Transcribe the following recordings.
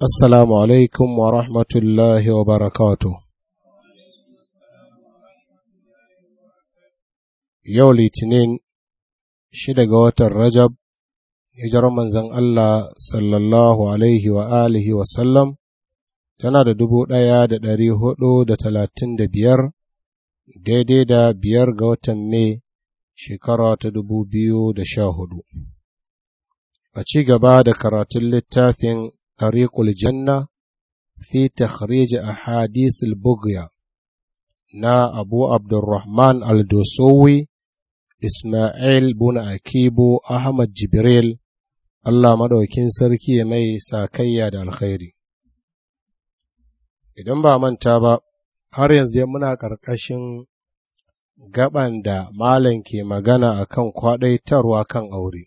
Assalamu alaikum wa rahmatullahi wa barakatu. Yau Litinin shida ga watan Rajab, hijirar manzan Allah sallallahu alaihi wa alihi wa sallam tana da dubu ɗaya da ɗari hudu da talatin da biyar daidai da biyar ga watan Mai shekara ta dubu biyu da sha hudu. A ci gaba da karatun littafin tariqul janna fi takhrij ahadith al-bughya na Abu Abdulrahman al Ismail bun Akibu Ahmad Jibril Allah madaukin sarki mai sakayya da alkhairi idan ba manta ba har yanzu muna ƙarƙashin gaban da malam ke magana akan kwadaitarwa kan aure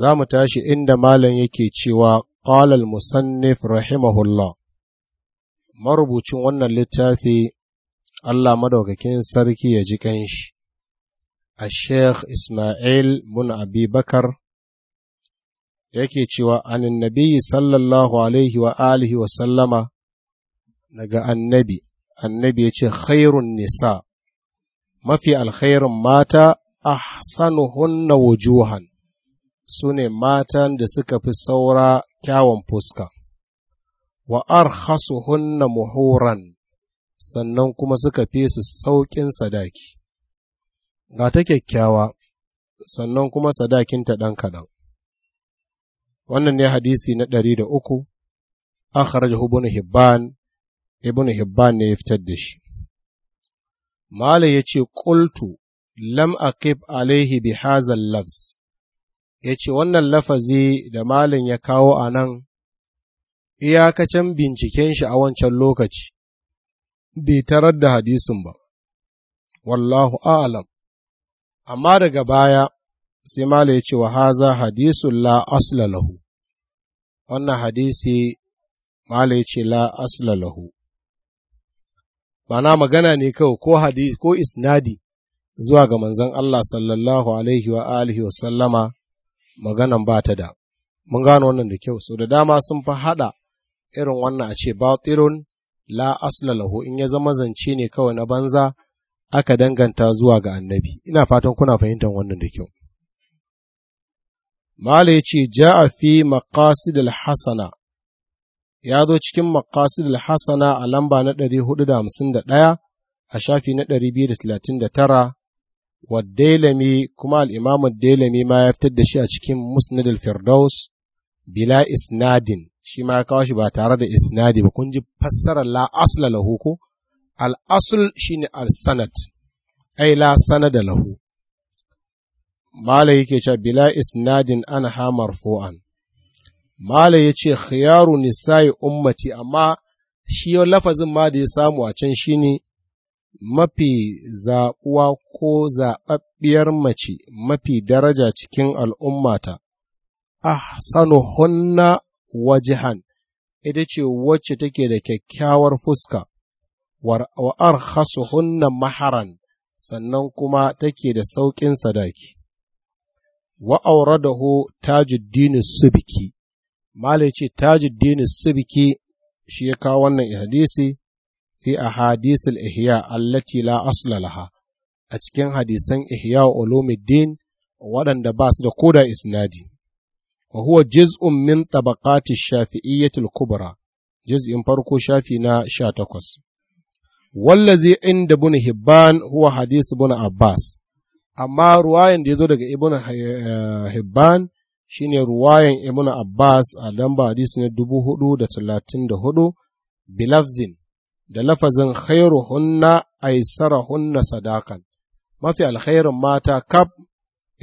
za mu tashi inda malam yake cewa ƙalal musannif rahimahullah marubucin wannan littafi Allah madaukakin sarki ya ji kanshi a sheikh Ismail mun abi bakar yake cewa anin nabiyyi sallallahu alaihi wa alihi wa sallama daga annabi annabi ya ce khairun nisa mafi alkhairun mata ahsanuhunna wujuhan su ne matan da suka fi saura kyawun fuska, wa hunna muhuran sannan kuma suka fi su sauƙin sadaki, ga ta kyakkyawa sannan kuma sadakinta ɗan kaɗan. Wannan ne hadisi na ɗari da uku, akharajahu ibn Hibban, ibn Hibban ne ya fitar da shi. Malam ya ce, kultu lam aqib alaihi bi hazal lafs ya ce wannan lafazi da malin ya kawo a nan iyakacin binciken shi a wancan lokaci bai tarar da hadisin ba wallahu a'lam amma daga baya sai mala ya ce wa haza hadisun la asla lahu wannan hadisi mala ya ce la asla lahu mana magana ne kawai ko hadisi ko isnadi zuwa ga manzon Allah sallallahu alaihi wa alihi wa sallama maganan ba ta da mun gano wannan da kyau so da dama sun fi hada irin wannan a ce batirun la asla in ya zama zance ne kawai na banza aka danganta zuwa ga annabi ina fatan kuna fahimtar wannan da kyau mala ya ce ja'a fi maqasid hasana ya zo cikin maqasid hasana a lamba na 451 a shafi na 239 waddailami kuma al'imamun dailami ma ya da shi a cikin musnad al-firdaus bila isnadin shi ma ya kawo shi ba tare da isnadi ba kun ji fassara la asla lahu ko al-asul shine al-sanad ai la sanada lahu mala yake cewa bila isnadin an ha marfu'an mala yace khiyaru nisa'i ummati amma shi yau lafazin ma da ya samu a can shine mafi zaɓuwa ko zaɓaɓɓiyar mace mafi daraja cikin al'ummata, ahsanuhunna wajihan, ita ce wacce take da kyakkyawar fuska, wa hunna maharan, sannan kuma take da sauƙin sadaki. Wa auradahu su subiki, Malai ce su subiki shi ya kawo wannan hadisi fi a hadisul ihya allati la asla laha a cikin hadisan ihya ulumuddin waɗanda ba su da koda isnadi wa huwa juz'un min tabaqati shafi'iyyati al-kubra juz'in farko shafi na 18 wallazi inda ibn hibban huwa hadis ibn abbas amma ruwayan da yazo daga ibn hibban shine ruwayan ibn abbas a lamba hadisi na 434 bilafzin da lafazin khairuhunna aisarahunna sadakan mafi alkhairin mata kaf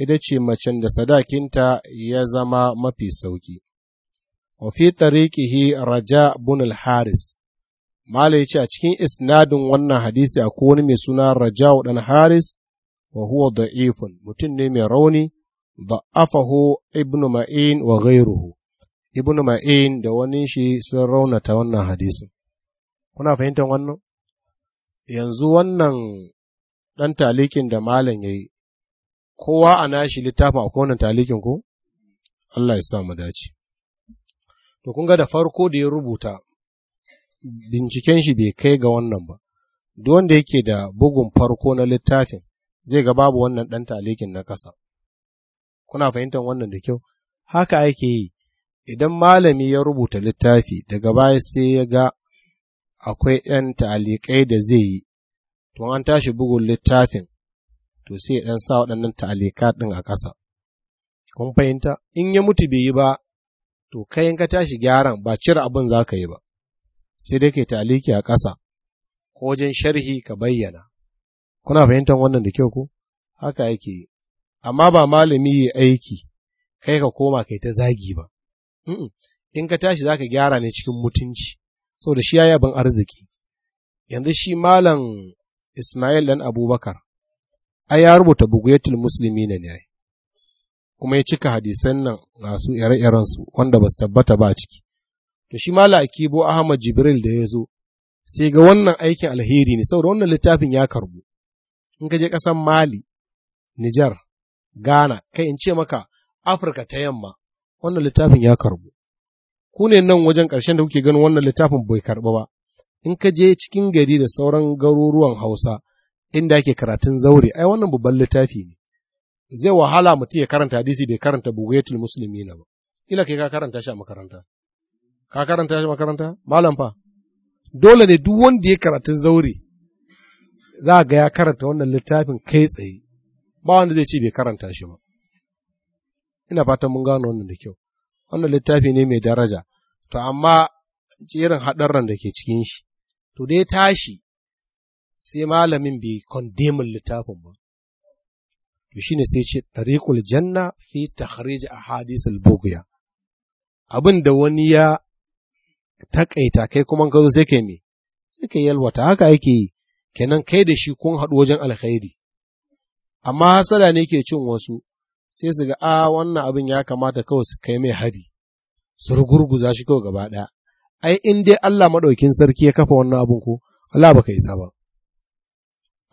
ita ce macen da sadakinta ya zama mafi sauki wa fi tariqihi raja bin al-haris mala yace a cikin isnadin wannan hadisi akwai wani mai suna raja dan haris wa huwa da'ifun mutum ne mai rauni da'afahu Ibn ma'in wa ghayruhu Ibn ma'in da wani shi sun raunata wannan hadisin Kuna fahimtar wannan? Yanzu wannan ɗan talikin da malam ya yi, kowa a nashi littafin a kowane talikin ko? Allah ya sa mu dace. To, kun ga da farko da ya rubuta, binciken shi bai kai ga wannan ba, duk wanda yake da bugun farko na littafin zai ga babu wannan ɗan talikin na ƙasa. Kuna fahimtar wannan da kyau? Haka ake yi, idan malami ya rubuta littafi daga baya sai ya ga akwai ‘yan ta'alikai da zai yi, to an tashi bugun littafin, to sai ɗan sa waɗannan ta'alika ɗin a ƙasa. Kun fahimta, in ya mutu bai yi ba, to kai in ka tashi gyaran ba cire abin za ka yi ba, sai dai yi ta'aliki a ƙasa, ko wajen sharhi ka bayyana. Kuna fahimtar wannan da kyau ko? Haka yake yi, amma ba malami yi aiki, kai ka koma kai ta zagi ba. In ka tashi za ka gyara ne cikin mutunci. so da shi yayi abin arziki yanzu shi malam Ismail dan Abubakar ai ya rubuta buguyatul muslimi ne ne kuma ya cika hadisan nan masu ire-iren su wanda ba su tabbata ba ciki to shi malam Akibo Ahmad Jibril da ya zo sai ga wannan aikin alheri ne saboda wannan littafin ya karbu in ka je ƙasan Mali Nijar Ghana kai in ce maka Afirka ta yamma wannan littafin ya karbu ku ne nan wajen ƙarshen da kuke ganin wannan littafin bai karɓa ba in ka je cikin gari da sauran garuruwan hausa inda ake karatun zaure ai wannan babban littafi ne zai wahala mutum ya karanta hadisi bai karanta bugayatul musulmi na ba ila kai ka karanta shi a makaranta ka karanta shi makaranta malam fa dole ne duk wanda ya karatun zaure za ga ya karanta wannan littafin kai tsaye ba wanda zai ce bai karanta shi ba ina fatan mun gano wannan da kyau wannan littafi ne mai daraja to amma jerin haɗarran da ke cikin shi to dai tashi sai malamin bai kondemin littafin ba to shi ne sai ce tariqul janna fi takhrij ahadith al-bughya abin da wani ya takaita kai kuma ka zo sai kai me sai kai yalwata haka yake yi kenan kai da shi kun haɗu wajen alkhairi amma hasada ne ke cin wasu sai su ga a wannan abin ya kamata kawai su kai mai hari su rugurguza shi kawai gaba ɗaya ai in dai Allah maɗaukin sarki ya kafa wannan abin ko Allah baka isa ba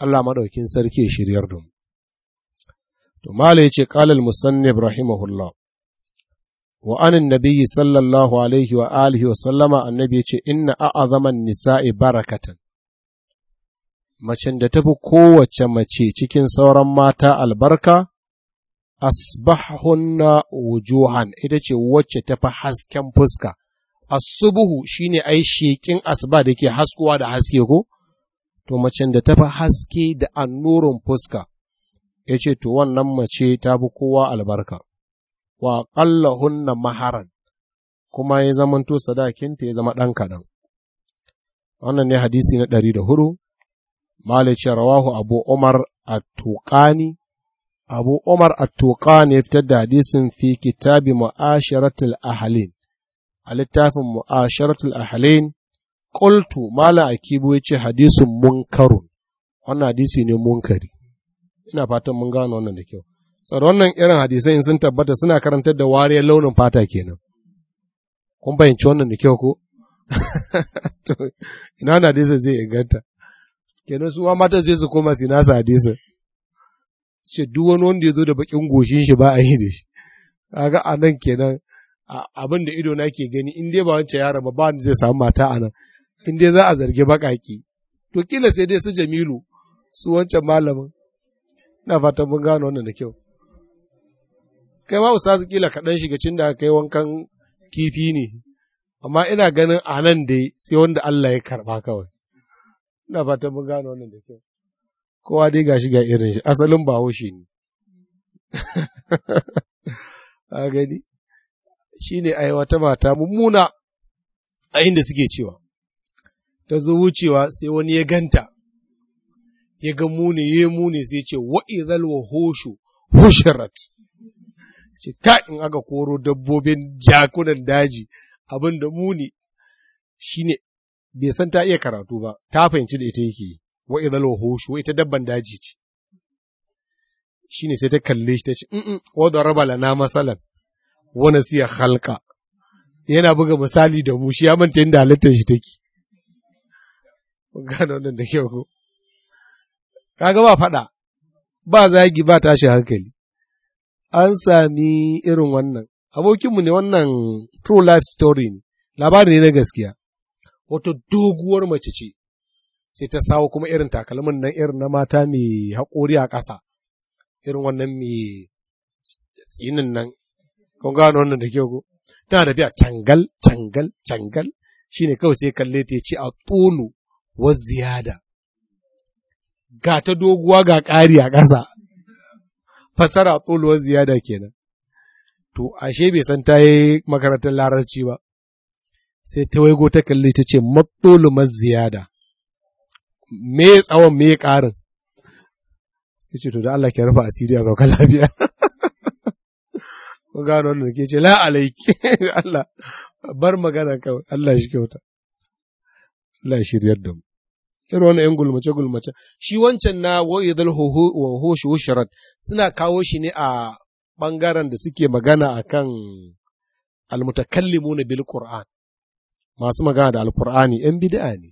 Allah maɗaukin sarki ya shiryar da mu to malai yace qala al musannib rahimahullah wa an nabiyyi sallallahu alaihi wa alihi wa sallama annabi yace inna a'azama an-nisa'i barakatan macen da tafi kowace mace cikin sauran mata albarka asbahunna wujuhan ita ce wacce ta fi hasken fuska asubuhu shine ai shekin asba da ke haskuwa da haske ko to macen da ta fi haske da annurin fuska ya ce to wannan mace ta fi kowa albarka wa ƙallahunna maharan kuma ya zamanto sadakinta ya zama ɗan kaɗan wannan ne hadisi na ɗari da hudu malice rawahu abu umar a tuƙani abu umar at-tuqa ne fitar da hadisin fi kitabi mu'asharatul ahalin a littafin mu'asharatul ahalin qultu mala akibu yace hadisin munkarun wannan hadisi ne munkari ina fatan mun gano wannan da kyau tsaro wannan irin hadisai sun tabbata suna karantar da wariyar launin fata kenan kun fahimci wannan da kyau ko ina na zai inganta kenan su mata sai su koma su nasa ce duk wani wanda ya zo da bakin goshin shi ba a yi da shi kaga a nan kenan abin da ido na ke gani in dai ba wancan yara ba ba zai samu mata a nan in dai za a zargi bakaki to kila sai dai su jamilu su wancan malamin na fatan mun gano wannan da kyau kai ma ustazu kila kaɗan shiga cin da kai wankan kifi ne amma ina ganin a nan dai sai wanda Allah ya karɓa kawai ina fatan mun gano wannan da kyau kowa dai gashi ga irin shi asalin ba haushi ne a gani shi ne ai wata mata mummuna a inda suke cewa ta zo wucewa sai wani ya ganta ya ga mune ya mune sai ce wa'izal wa hoshu hushirat ce ka in aka koro dabbobin jakunan daji abin da muni ne. bai san ta iya karatu ba ta fahimci da ita yake yi wa idhal ta ita dabban daji ce shine sai ta kalle shi ta ce mm wa daraba lana masalan wa nasiya khalqa yana buga misali da mu shi ya manta inda halittar shi take gano nan da kyau ko kaga ba fada ba zagi ba tashi hankali an sami irin wannan abokinmu ne wannan pro life story ne labari ne na gaskiya wata doguwar mace ce sai ta sawo kuma irin takalmin nan irin na mata mai haƙori a ƙasa irin wannan mai tsinin nan kun gano wannan da kyau tana tafiya cangal cangal cangal shine kawai sai kalle ta ce a tsolo wa ziyada ga ta doguwa ga ƙari a ƙasa fasara wasu ziyada kenan to ashe bai san ta yi makarantar larabci ba sai ta waigo ta kalli ta ce masu ziyada me tsawon me ƙarin sai ce to da Allah ke rufa asiri a zaukar lafiya ko gano wannan ke ce la alaiki Allah bar magana ka Allah shi kyauta Allah shiryar da mu irin wani ‘yan gulmace-gulmace, shi wancan na wa'idul wahoshi wushirat suna kawo shi ne a ɓangaren da suke magana akan almutakallimuna bil Qur'an, masu magana da alqur'ani ‘yan bid'a ne,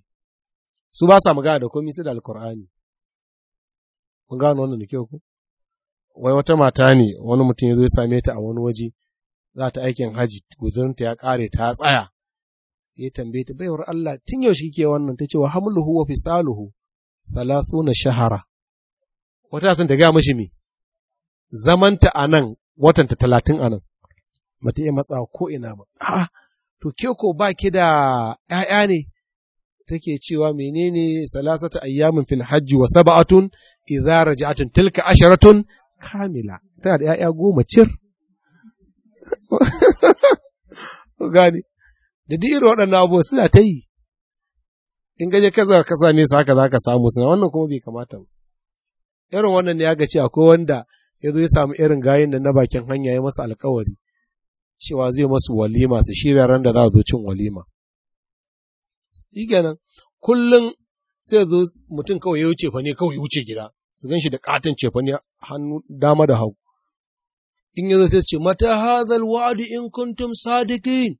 su ba sa magana da komi su da alkur'ani Mun gano wannan da kyau ku wai wata mata ne wani mutum ya zo ya same ta a wani waje za ta aikin haji ta ya kare ta tsaya sai ya tambaye ta baiwar Allah tun yaushe kike wannan ta ce wa hamluhu wa fisaluhu thalathuna shahara wata sun ta ga mishi me zamanta anan watan ta talatin anan mata iya matsa ko ina ba a'a to ke ko ba ki da ƴaƴa ne take cewa menene salasata ayyamin fil hajji wa sab'atun idza raja'atun tilka asharatun kamila tana da ƴaƴa goma cir gani da duk irin waɗannan abubuwa suna ta yi in gaje kaza ka same su haka zaka samu suna wannan kuma bai kamata ba irin wannan ne ya ga akwai wanda ya zo ya samu irin gayin da na bakin hanya ya masa alkawari cewa zai masu walima su shirya ran da za zo cin walima shi kenan kullum sai zo mutum kawai ya wuce fa ne kawai wuce gida su gan shi da katin cefa ne hannu dama da hagu in zo sai su ce mata hadal, wa'du in kuntum sadiqin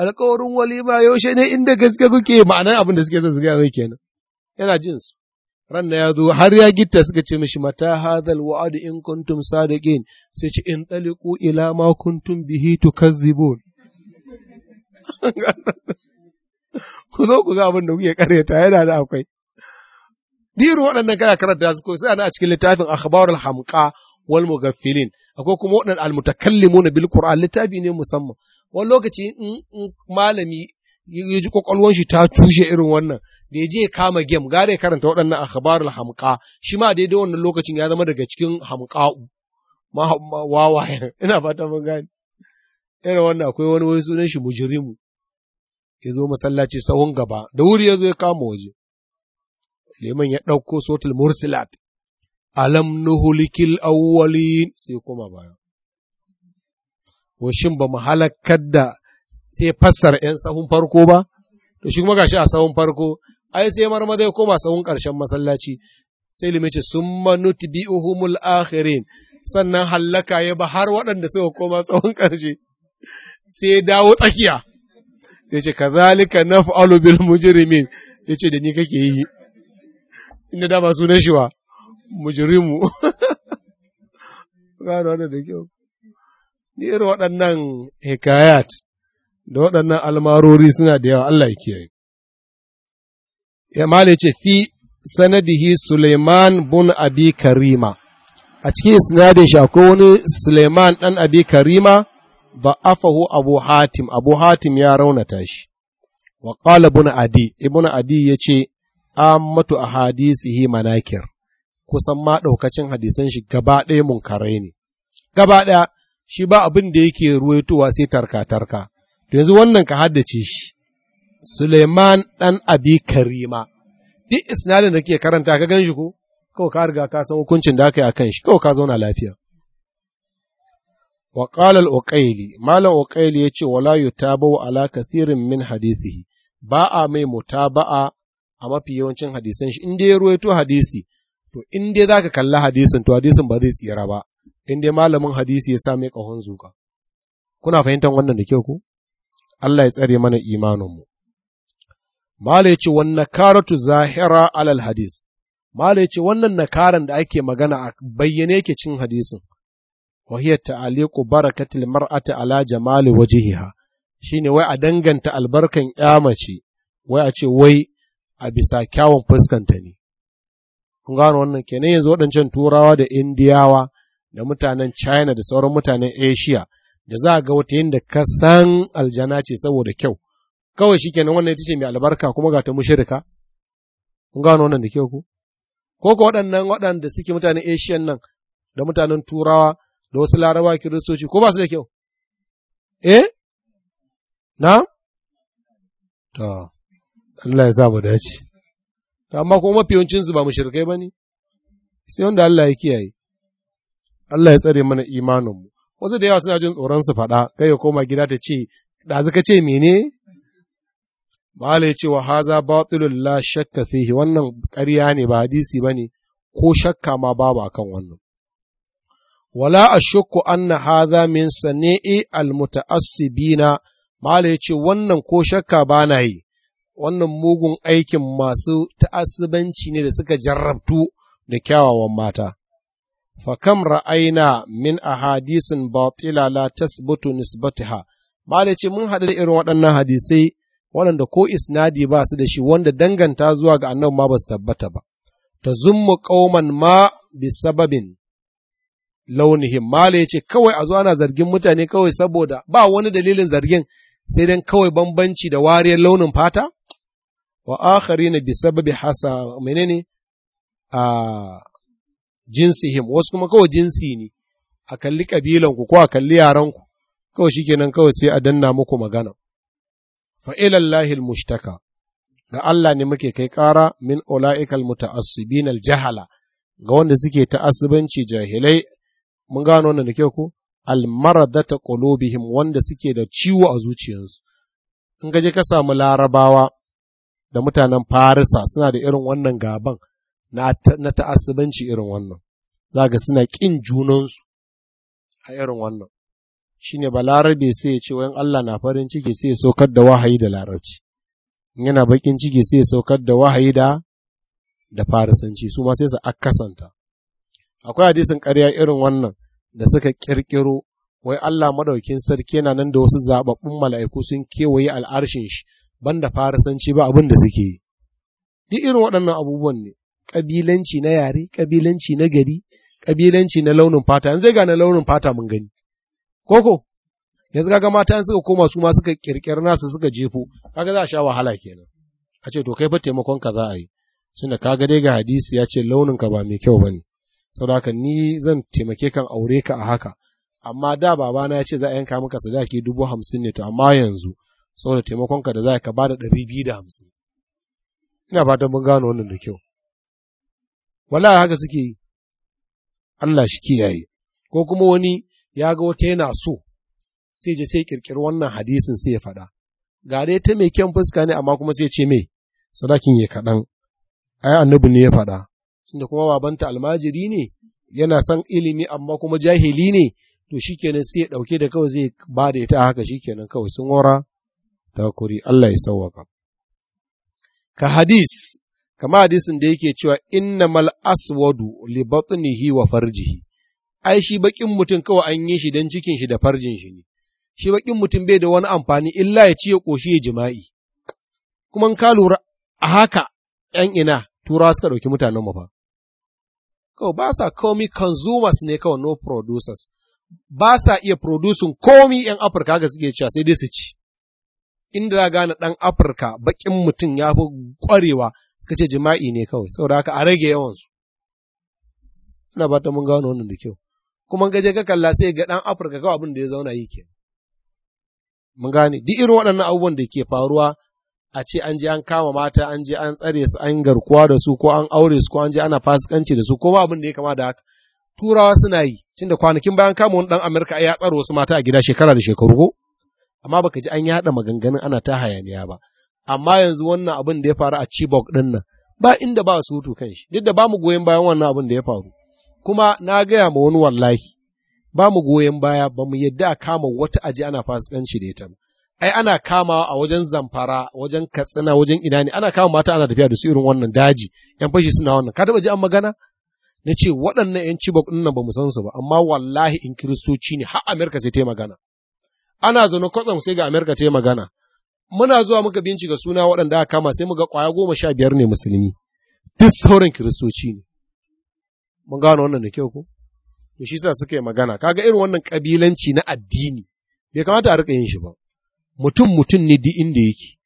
alƙawarin walima yaushe ne inda gaske kuke ma'anar abin da suke son su gaya kenan yana jin su ran ya zo har ya gitta suka ce mishi mata hadal, wa'd in kuntum sadiqin sai ce in taliqu ila ma kuntum bihi tukazzibun ku zo ku ga abin da kuke karyata yana da akwai diru waɗannan kana karanta su ko sai ana a cikin littafin akhbarul hamqa wal mugaffilin akwai kuma waɗannan al mutakallimuna bil qur'an littafi ne musamman wani lokaci in malami ya ji kwakwalwar shi ta tushe irin wannan da ya je ya kama game gara ya karanta waɗannan akhbarul hamqa shi ma daidai wannan lokacin ya zama daga cikin hamqa'u ma wawaye ina fata mun gani irin wannan akwai wani wani sunan shi mujrimu ya zo masallaci sahun gaba da wuri ya zo ya kama waje liman ya ɗauko sotul mursilat alam nuhulikil awwalin sai kuma baya ko shin ba mu halakar da sai fassara ‘yan sahun farko ba, to shi kuma gashi a sahun farko, ai sai marmar ya koma sahun ƙarshen masallaci, sai limici sun manuti bi uhumul akhirin sannan hallaka ya ba har waɗanda suka koma tsawon ƙarshe, sai dawo tsakiya. ya ce kazalika naf'alu bil ya yace da ni kake yi inda da sunan shi wa mujirimu. gano da kyau ni irin waɗannan hikayat da waɗannan almarori suna da yawa Allah ya kiyaye Ya ce fi sanadihi Suleiman bun Abi Karima a cikin sinadin shi akwai wani Suleiman ɗan Abi Karima da'afahu abu hatim abu hatim ya raunata shi wa qala buna adi ibn adi yace ammatu ahadisihi manakir kusan ma daukacin hadisan shi gaba ɗaya munkarai ne gaba ɗaya shi ba abin da yake ruwaitowa sai tarka tarka to yanzu wannan ka haddace shi Suleiman dan Abi Karima duk isnalin da ke karanta ka ganshi shi ko kawai ka riga ka san hukuncin da aka yi akan shi kawai ka zauna lafiya wa qala Malam uqayli ya ce yace wala yutabu ala kathirin min hadisi, ba a mai mutaba'a a mafi yawancin hadisan shi in dai ya ruwaito hadisi to in dai zaka kalla hadisin to ba zai tsira ba in dai malamin hadisi ya sa mai kahon zuka fahimtar wannan da kyau ko Allah ya tsare mana imaninmu mala ya ce wannan karatu zahira alal hadis mala ya ce wannan nakaran da ake magana a bayyane yake cin hadisin وهي تعليق بركة المرأة على جمال وجهها شيني shine wai a danganta albarkan ya mace wai a ce wai a bisa kyawun fuskanta ne kun gano wannan kenan yanzu waɗancan turawa da indiyawa da mutanen china da sauran mutanen asia da za a ga wata yin da ka san aljana ce saboda kyau kawai shi kenan wannan ita ce mai albarka kuma ga ta mushirika kun gano wannan da kyau ku ko ko waɗannan waɗanda suke mutanen asian nan da mutanen turawa da wasu larawa kiristoci ko ba su da kyau eh na ta Allah ya sa mu dace amma kuma mafi su ba mushrikai bane sai wanda Allah ya kiyaye Allah ya tsare mana imanin mu wasu da yawa suna jin tsoron su faɗa kai ya koma gida ta ce da ka ce mene Mahala ya ce wa haza batilun la shakka fihi wannan ƙarya ne ba hadisi ba ne ko shakka ma babu akan wannan. wala ashukku anna hadha min sani'i almutaassibina mala yace wannan ko shakka bana yi wannan mugun aikin masu ta'assubanci ne da suka jarrabtu da kyawawan mata fa kam ra'aina min ahadisin batila la tasbutu nisbataha mala yace mun haɗu da irin waɗannan hadisai waɗanda ko isnadi ba su da shi wanda danganta zuwa ga annabi ma ba su tabbata ba tazummu qauman ma bisababin launihim mala ya ce kawai a zo ana zargin mutane kawai saboda ba wani dalilin zargin sai dan kawai bambanci da wariyar launin fata wa na bi sababi hasa menene a jinsihim wasu kuma kawai jinsi ne a kalli kabilanku ko a kalli yaranku kawai shikenan kawai sai a danna muku magana fa ilallahi mushtaka ga Allah ne muke kai kara min ula'ikal muta'assibin jahala ga wanda suke ta'asibinci jahilai mun gano wannan da kyau ko almaradata qulubihim wanda suke da ciwo a zuciyarsu in ka je ka samu larabawa da mutanen farisa suna da irin wannan gaban na ta'assubanci irin wannan za ga suna ƙin junansu a irin wannan shine ba larabe sai ya ce wayan Allah na farin ciki sai ya saukar da wahayi da larabci yana bakin ciki sai ya saukar da wahayi da da farisanci su ma sai su akasanta akwai hadisin ƙarya irin wannan da suka ƙirƙiro wai Allah madaukin sarki yana nan da wasu zababbun mala'iku sun kewaye al'arshin shi banda farisanci ba abin da suke yi duk irin waɗannan abubuwan ne ƙabilanci na yare ƙabilanci na gari ƙabilanci na launin fata yanzu ga na launin fata mun gani koko yanzu kaga mata suka koma su ma suka ƙirƙiri nasu suka jefo kaga za a sha wahala kenan a ce to kai fa taimakon ka za a yi suna kaga dai ga hadisi ya ce launin ka ba mai kyau bane saboda ni zan taimake kan aure ka a haka amma da babana ya ce za a yanka maka sadaki dubu hamsin ne to amma yanzu saboda taimakonka da za ka ba da ɗari biyu da hamsin ina fatan mun gano wannan da kyau wallahi haka suke yi Allah shi kiyaye ko kuma wani ya ga wata yana so sai je sai kirkiri wannan hadisin sai ya faɗa ga dai ta mai kyan fuska ne amma kuma sai ce me sadakin ya kaɗan ai annabi ne ya faɗa tunda kuma babanta almajiri ne yana san ilimi amma kuma jahili ne to shikenan sai ya dauke da kawai zai ba da ita haka shikenan kawai sun wara takuri Allah ya sauwaka ka hadis kama hadisin da yake cewa innamal aswadu li batnihi wa farjihi ai shi bakin mutum kawai an yi shi dan cikin shi da farjin shi ne shi bakin mutum bai da wani amfani illa ya ci ya koshi ya jima'i kuma in ka lura a haka ‘yan ina tura suka ɗauki mutanen mu fa. kawai ba sa komi consumers ne kawai no producers ba sa iya producing komi ‘yan Afirka ga suke cewa sai dai su ci. Inda za gane ɗan Afirka baƙin mutum ya fi ƙwarewa suka ce jima'i ne kawai, saboda haka a rage yawansu. Ina ba ta mun gano wannan da kyau. Kuma gaje ka kalla sai ga ɗan Afirka kawai abin da ya zauna yi ke. Mun gane, duk irin waɗannan abubuwan da ke faruwa a ce an je an kama mata an je an tsare su an garkuwa da su ko an aure su ko an je ana fasikanci da su ko ba abin da ya kama da haka turawa suna yi da kwanakin bayan kama wani dan Amurka ya tsaro wasu mata a gida shekara da shekaru ko amma baka ji an yada maganganun ana ta hayaniya ba amma yanzu wannan abin da ya faru a Chibok din nan ba inda ba sutu kan shi duk da ba mu goyon bayan wannan abin da ya faru kuma na gaya ma wani wallahi ba mu goyon baya ba mu yadda a kama wata aji ana fasikanci da ita ba ai ana kama a wajen zamfara wajen katsina wajen ina ne ana kama mata ana tafiya da su irin wannan daji yan fashi suna wannan ka taba ji an magana na ce waɗannan yan ci bakun nan ba mu san su ba amma wallahi in kiristoci ne har amerika sai ta yi magana ana zaune kwatsam sai ga amerika ta yi magana muna zuwa muka bincika suna waɗanda aka kama sai muga ƙwaya goma sha biyar ne musulmi duk sauran kiristoci ne mun gano wannan da kyau ko to shi sa suka yi magana kaga irin wannan kabilanci na addini bai kamata a rika yin shi ba mutum mutum ne di inda yake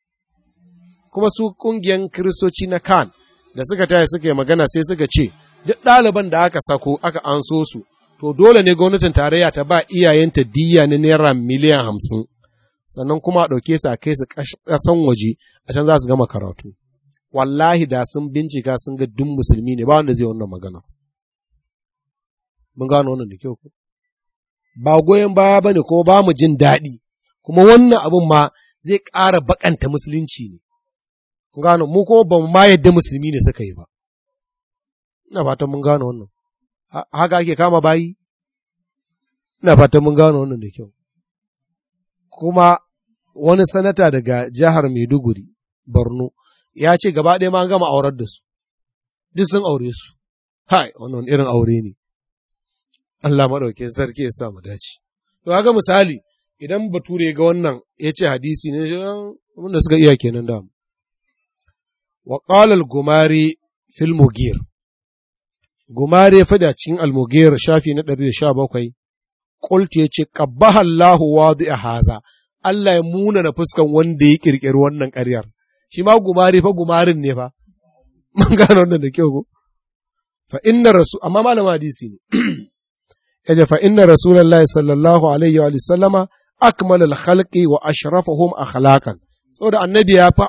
kuma su ƙungiyar kiristoci na kan da suka taya suka yi magana sai suka ce duk ɗaliban da aka sako aka anso su to dole ne gwamnatin tarayya ta ba iyayenta diya na naira miliyan hamsin sannan kuma a ɗauke su a kai su ƙasan waje a can za su gama karatu wallahi da sun bincika sun ga duk musulmi ne ba wanda zai wannan magana mun gano wannan da kyau ko ba goyon baya ba ne ko ba mu jin daɗi kuma wannan abin ma zai ƙara baƙanta musulunci ne. gano, mu kuma ba ma yadda musulmi ne suka yi ba. Ina fatan mun gano wannan. Haka ake kama bayi? Ina fatan mun gano wannan da kyau. Kuma wani sanata daga jihar Maiduguri, Borno, ya ce gaba ɗaya ma an gama aurar da su. Duk sun aure su. Hai, wannan irin aure ne. Allah maɗaukin sarki ya sa mu dace. To, haka misali, idan bature ga wannan ya ce hadisi ne wanda ah, suka iya kenan da wa qala gumari fil mugir gumari fada cikin al mugir shafi na 117 qultu ce ƙabbahallahu wadu a haza Allah ya muna na fuskan wanda ya ƙirƙiri wannan ƙaryar shi ma gumari fa gumarin ne fa mun gano wannan da kyau ko fa inna rasu amma malama hadisi ne yaje fa inna rasulullahi sallallahu alaihi wa sallama al khalqi wa ashrafahum akhlaqan saboda annabi ya fa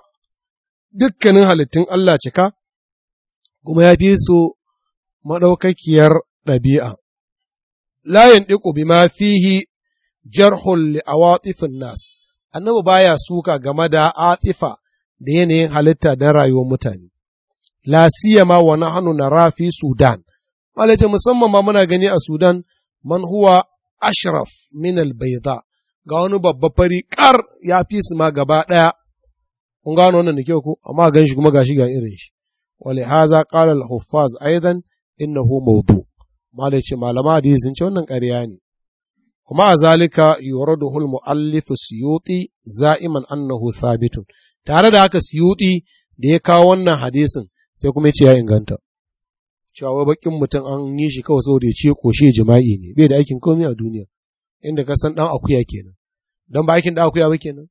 dukkanin halittun Allah cika kuma ya fi su madaukakiyar ɗabi'a la yandiqu bima fihi jarhul li awatifin nas annabi baya suka game da atifa da yanayin halitta da rayuwar mutane la siyama wa nahnu nara fi sudan malaje musamman ma muna gani a sudan man huwa ashraf min al-bayda ga wani babba fari kar ya fi su ma gaba ɗaya kun gano wannan da kyau ko amma gan shi kuma gashi ga irin shi wale haza qala al huffaz aidan innahu mawdu malai ce malama da sun ce wannan ƙarya ne kuma a zalika yuradu hul muallif suyuti za'iman annahu thabitun tare da haka siyuti da ya kawo wannan hadisin sai kuma ya ce ya inganta cewa bakin mutum an yi shi kawai saboda ya ce koshe jima'i ne bai da aikin komai a duniya inda ka san dan akuya kenan don ba aikin da akuya ba kenan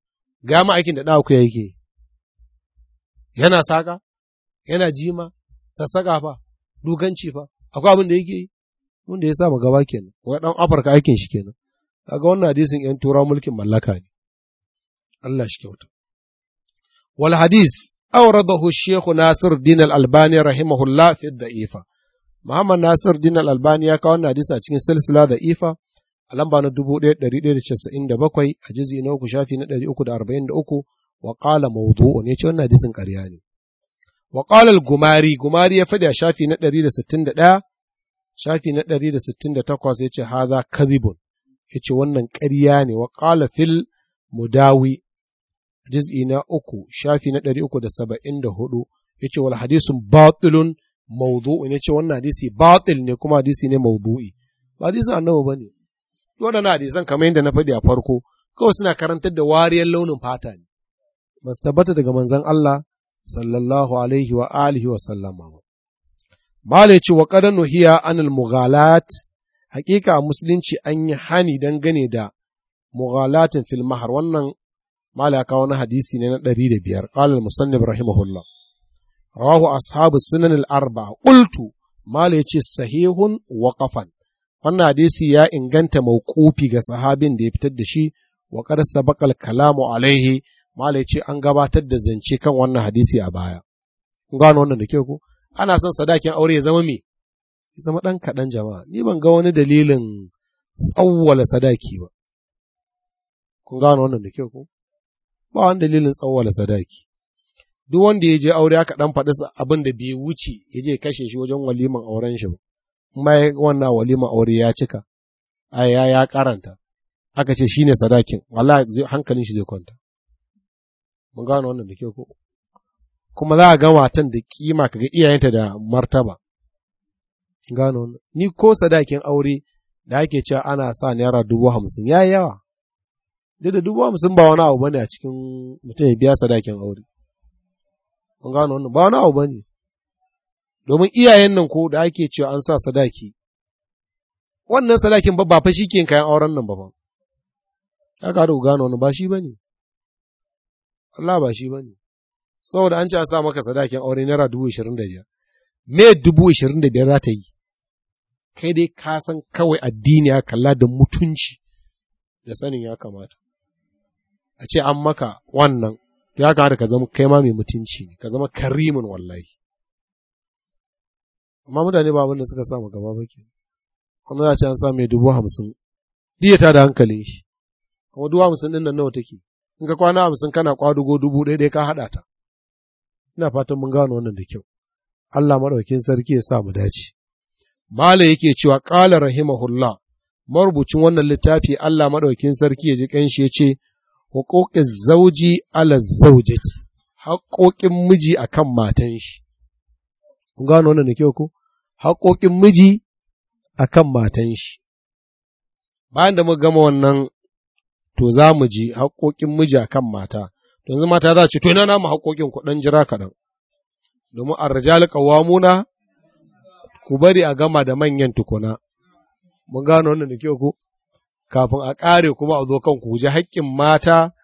ga ma aikin da da akuya yake yana saka yana jima sassaka fa dukanci fa akwai abin da yake yi wanda ya sa mu gaba kenan wai dan afirka aikin shi kenan kaga wannan hadisin yan turawa mulkin mallaka ne Allah shi kyauta wal hadis awradahu shaykh nasir din al albani rahimahullah fi da'ifa muhammad nasir din al albani ya kawo wannan hadisi a cikin silsila da'ifa a lamba na dubu ɗaya, ɗaya ɗari da da casa'in bakwai, a jizi na uku shafi na ɗari uku da da arba'in uku, wa qala mawdu'un ce wannan hadisin ƙarya ne wa ƙala gumari gumari ya faɗi a shafi na ɗari da da sittin ɗaya, shafi na ɗari da da sittin takwas ya ce haza Kadibun. Ya ce wannan ƙarya ne wa ƙala fil mudawi jizi na uku shafi na ɗari uku da da saba'in hudu, ya ce wal hadisun batilun mawdu'un ce wannan hadisi batil ne kuma hadisi ne mawudu'i ba hadisin annabi ne? waɗannan hadisan kamar yadda na faɗi a farko kawai suna karantar da wariyar launin fata ne ba tabbata daga manzon Allah sallallahu alaihi wa alihi wa sallama ba mala ya ce wa qad nuhiya anil mughalat a musulunci an yi hani dangane da mughalatin fil wannan mala kawo na hadisi ne na 105 qala al musannif rahimahullah rawahu ashabu sunan al arbaa qultu mala ya ce sahihun wa wannan hadisi ya inganta mauqufi ga sahabin da ya fitar da shi wa ƙarsa baƙal kalamu alaihi malai ce an gabatar da zance kan wannan hadisi a baya kun gano wannan da ke ku ana son sadakin aure ya zama me ya zama dan kaɗan jama'a ni ban ga wani dalilin tsawwala sadaki ba kun gano wannan da ke ku ba wani dalilin tsawwala sadaki duk wanda ya je aure aka dan faɗi abin da bai wuce ya je kashe shi wajen waliman auren shi ba mai wannan walima aure ya cika ai ya ya karanta aka ce shine sadakin wallahi hankalin shi zai kwanta mun gano wannan da ke ko kuma za a ga watan da kima kaga iyayenta da martaba gano ni ko sadakin aure da ake cewa ana sa naira dubu hamsin ya yi yawa duk da dubu hamsin ba wani abu bane a cikin mutum ya biya sadakin aure mun gano wannan ba wani abu bane domin iyayen nan ko da ake cewa an sa sadaki wannan sadakin ba ba shi ke kayan auren nan ba ba haka da gano wani ba shi ne, Allah ba shi bane saboda an ce an sa maka sadakin aure naira dubu ishirin da biyar me dubu ishirin da biyar za ta yi kai dai ka san kawai addini ya kalla da mutunci da sanin ya kamata a ce an maka wannan ya kamata ka zama kai ma mai mutunci ne ka zama karimin wallahi amma mutane ba wanda suka samu gaba ba ke kuma za a ce an sa mai dubu hamsin diya ta da hankalin shi kuma dubu hamsin ɗin nan nawa take in ka kwana hamsin kana kwadugo dubu ɗaya ɗaya ka haɗa ta ina fatan mun gano wannan da kyau Allah maɗaukin sarki ya sa mu dace mala yake cewa ƙala rahimahullah marubucin wannan littafi Allah maɗaukin sarki ya ji ƙanshi ya ce, Hukukin zauji ala zaujati, haƙoƙin miji akan matan shi, Kun gano wannan da kyau ko? Haƙoƙin miji a kan matan shi. Bayan da muka gama wannan to za mu ji haƙoƙin miji a kan mata. Yanzu mata za ce, to ina namu haƙoƙin ɗan jira kaɗan. Domin arjali ƙawamuna ku bari a gama da manyan tukuna. Mun gano wannan da kyau ko? kafin a ƙare kuma a zo kan ku ji haƙƙin mata,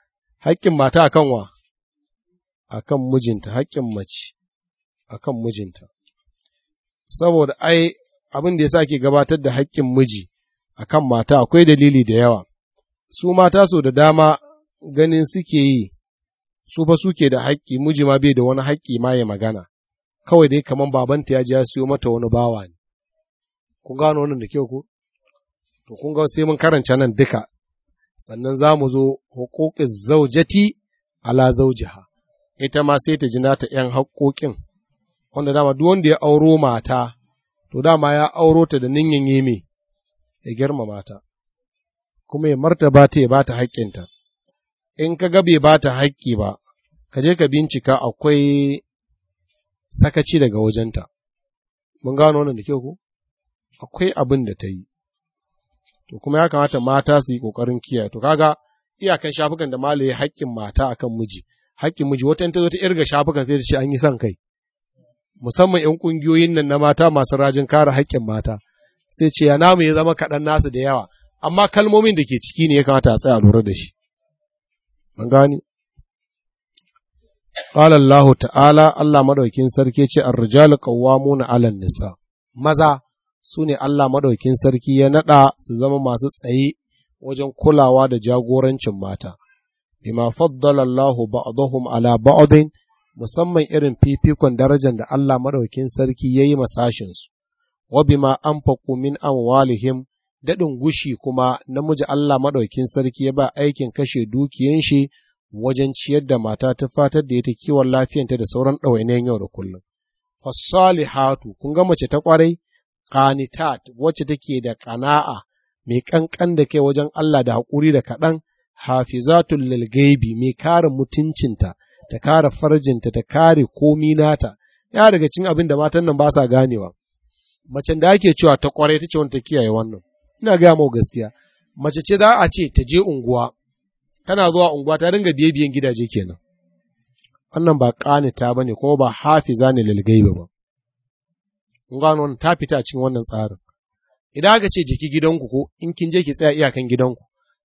haƙƙin mata a kan wa, a kan mijinta, haƙƙin mace, a kan mijinta. saboda ai abin da ya sa gabatar da haƙƙin miji a kan mata akwai dalili da yawa su mata so da dama ganin suke yi su fa suke da haƙƙi miji ma bai da wani haƙƙi ma ya magana kawai dai kamar babanta ya ji ya siyo mata wani bawa ne kun gano wannan da kyau ko to kun ga sai mun karanta nan duka sannan za mu zo huquqiz zaujati ala zaujiha ita ma sai ta ji nata ‘yan haƙƙoƙin. wanda dama duk wanda ya auro mata to dama ya auro ta da yi yeme ya girmama ta kuma ya martaba ta ya bata haƙƙinta in ka ga bai bata haƙƙi ba ka je ka bincika akwai sakaci daga wajenta mun gano wannan da ke ku akwai abin da ta yi to kuma ya kamata mata su yi ƙoƙarin kiyaye to kaga iyakan shafukan da malaye haƙƙin mata akan miji haƙƙin miji wata ta zo ta irga shafukan sai ta ce an yi son kai musamman 'yan ƙungiyoyin nan na mata masu rajin kare haƙƙin mata sai ce ya namu ya zama kaɗan nasu da yawa amma kalmomin da ke ciki ne ya kamata a tsaya lura da shi an gani qala ta'ala Allah Maɗaukin sarki ce rijali rijalu na 'alan nisa maza su ne Allah Maɗaukin sarki ya naɗa su zama masu tsaye wajen kulawa da jagorancin mata bima faddala Allah ala ba'dain musamman irin fifikon darajar da Allah maɗaukin sarki ya yi masashinsu, wabima an faƙo min an walihim daɗin gushi kuma namiji Allah maɗaukin sarki ya ba aikin kashe dukiyan shi wajen ciyar da mata ta fatar da ya ta kiwon lafiyanta da sauran ɗawainiyan yau da kullum. Fassalihatu, kun ga mace ta ƙwarai, ƙanitat, wacce take da ƙana'a, mai ƙanƙan da kai wajen Allah da haƙuri da kaɗan, hafizatul lil mai kare mutuncinta, ta kare farjinta ta kare komi nata ya daga cin abin da matan nan ba sa ganewa macen da ake cewa ta kware ta ce wani ta kiyaye wannan ina gaya mau gaskiya mace ce za a ce ta je unguwa tana zuwa unguwa ta dinga biye biyen gidaje kenan wannan ba ta bane ko ba hafiza ne lil ba ungano wannan ta fita cikin wannan tsarin idan aka ce jiki gidanku ko in kin je ki tsaya iyakan gidanku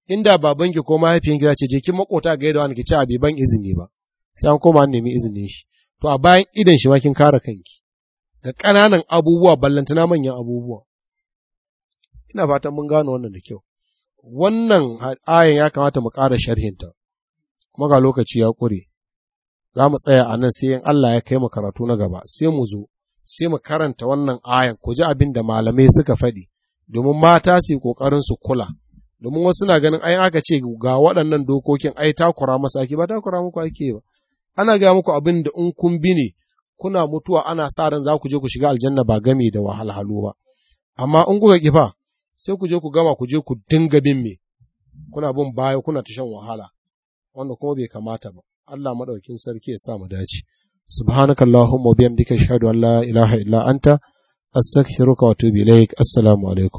inda babanki ko mahaifiyanki za ce je ki makota ga yadda wani ki ci a ban izini ba sai an koma an nemi izinin shi to a bayan idan shi ma kin kare kanki ga ƙananan abubuwa ballantana manyan abubuwa ina fatan mun gano wannan da kyau wannan ayan ya kamata mu ƙara sharhinta kuma ga lokaci ya ƙure za mu tsaya a nan sai in Allah ya kai mu karatu na gaba sai mu zo sai mu karanta wannan ayan ku ji abin da malamai suka faɗi domin mata su yi ƙoƙarin su kula domin wasu na ganin ai aka ce ga waɗannan dokokin ai takura masu ake ba takura muku ake ba ana gaya muku abin da in kun bi ne kuna mutuwa ana sa ran za ku je ku shiga aljanna ba gami da wahalhalu ba amma in kuka kifa sai ku je ku gama ku je ku dinga bin me kuna bin baya kuna ta shan wahala wanda kuma bai kamata ba Allah maɗaukin sarki ya sa mu dace سبحانك اللهم وبحمدك اشهد ان لا اله الا انت استغفرك واتوب alaikum.